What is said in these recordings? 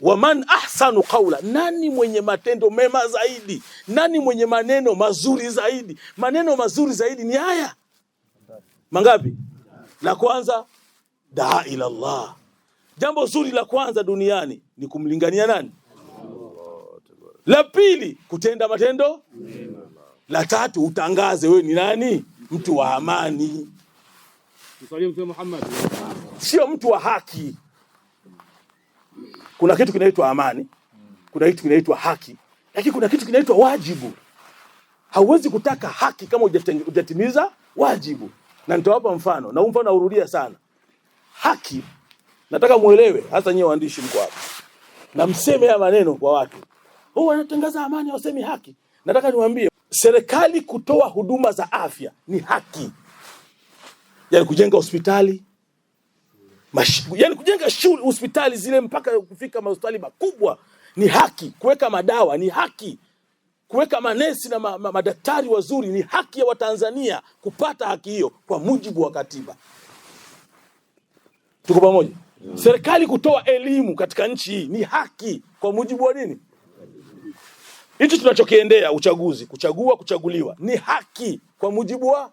waman ahsanu qaula, nani mwenye matendo mema zaidi? Nani mwenye maneno mazuri zaidi? Maneno mazuri zaidi ni haya mangapi? La kwanza daa ila Allah, jambo zuri la kwanza duniani ni kumlingania nani? La pili kutenda matendo mema. La tatu utangaze wewe ni nani, mtu wa amani, sio mtu wa haki kuna kitu kinaitwa amani, kuna kitu kinaitwa haki, lakini kuna kitu kinaitwa wajibu. Hauwezi kutaka haki kama hujatimiza wajibu, na nitawapa mfano, na huu mfano naurudia sana. Haki nataka muelewe, hasa nyie waandishi mko hapa, na mseme haya maneno kwa watu, huu oh, wanatangaza amani, wasemi haki. Nataka niwaambie, serikali kutoa huduma za afya ni haki, yani kujenga hospitali Mash, yani kujenga shule, hospitali zile mpaka kufika mahospitali makubwa ni haki. Kuweka madawa ni haki. Kuweka manesi na ma, ma, madaktari wazuri ni haki ya Watanzania kupata haki hiyo kwa mujibu wa katiba. Tuko pamoja? Hmm. Serikali kutoa elimu katika nchi hii ni haki kwa mujibu wa nini? Hicho tunachokiendea uchaguzi, kuchagua, kuchaguliwa ni haki kwa mujibu wa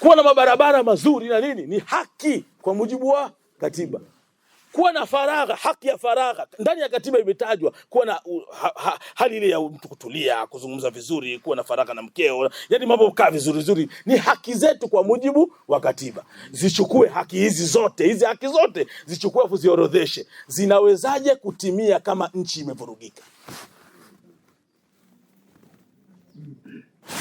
kuwa na mabarabara mazuri na nini ni haki kwa mujibu wa katiba. Kuwa na faragha, haki ya faragha ndani ya katiba imetajwa, kuwa na uh, ha, ha, hali ile ya mtu kutulia, kuzungumza vizuri, kuwa na faragha na mkeo, yani mambo kaa vizuri vizuri, ni haki zetu kwa mujibu wa katiba. Zichukue haki hizi zote, hizi haki zote zichukue, ziorodheshe, zinawezaje kutimia kama nchi imevurugika?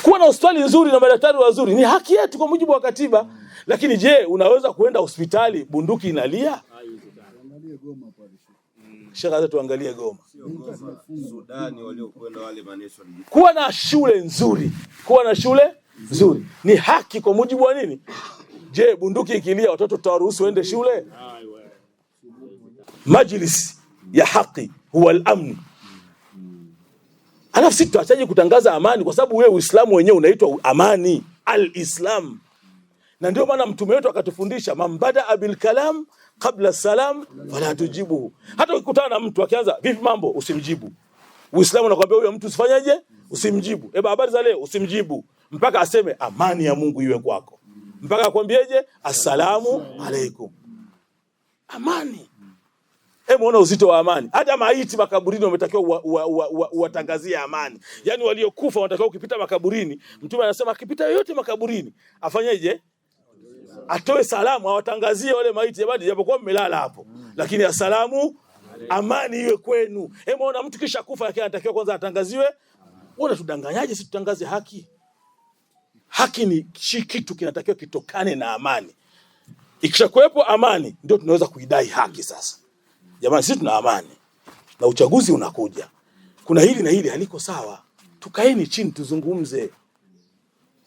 Kuwa na hospitali nzuri na madaktari wazuri ni haki yetu kwa mujibu wa katiba. Lakini je, unaweza kuenda hospitali bunduki inalia? Shaka tuangalie Goma, kuwa na shule nzuri, kuwa na shule nzuri ni haki kwa mujibu wa nini? Je, bunduki ikilia watoto tutawaruhusu waende shule? Majlis ya haki huwa al-amn Alafu sisi tutachaje kutangaza amani, kwa sababu wewe Uislamu wenyewe unaitwa amani, al-Islam. Na ndio maana mtume wetu akatufundisha mambada abil kalam kabla salam wala tujibu. Hata ukikutana na mtu akianza vipi mambo, usimjibu. Uislamu unakwambia huyo mtu usifanyaje, usimjibu. Eba, habari za leo, usimjibu mpaka aseme amani ya Mungu iwe kwako, mpaka akwambieje, assalamu alaikum, amani Hebu ona uzito wa amani. Hata maiti makaburini wametakiwa uwatangazie amani, yaani waliokufa wanatakiwa ukipita makaburini. Mtume anasema akipita yoyote makaburini afanyeje? Atoe salamu, awatangazie wale maiti, bali japokuwa mmelala hapo, lakini asalamu, amani iwe kwenu. Hebu ona mtu kisha kufa, lakini anatakiwa kwanza atangaziwe. Ona tudanganyaje? Si tutangaze haki. Haki ni kitu kinatakiwa kitokane na amani. Ikishakuwepo amani, ndio tunaweza kuidai haki sasa jamani, sisi tuna amani na uchaguzi unakuja, kuna hili na hili haliko sawa, tukaeni chini tuzungumze.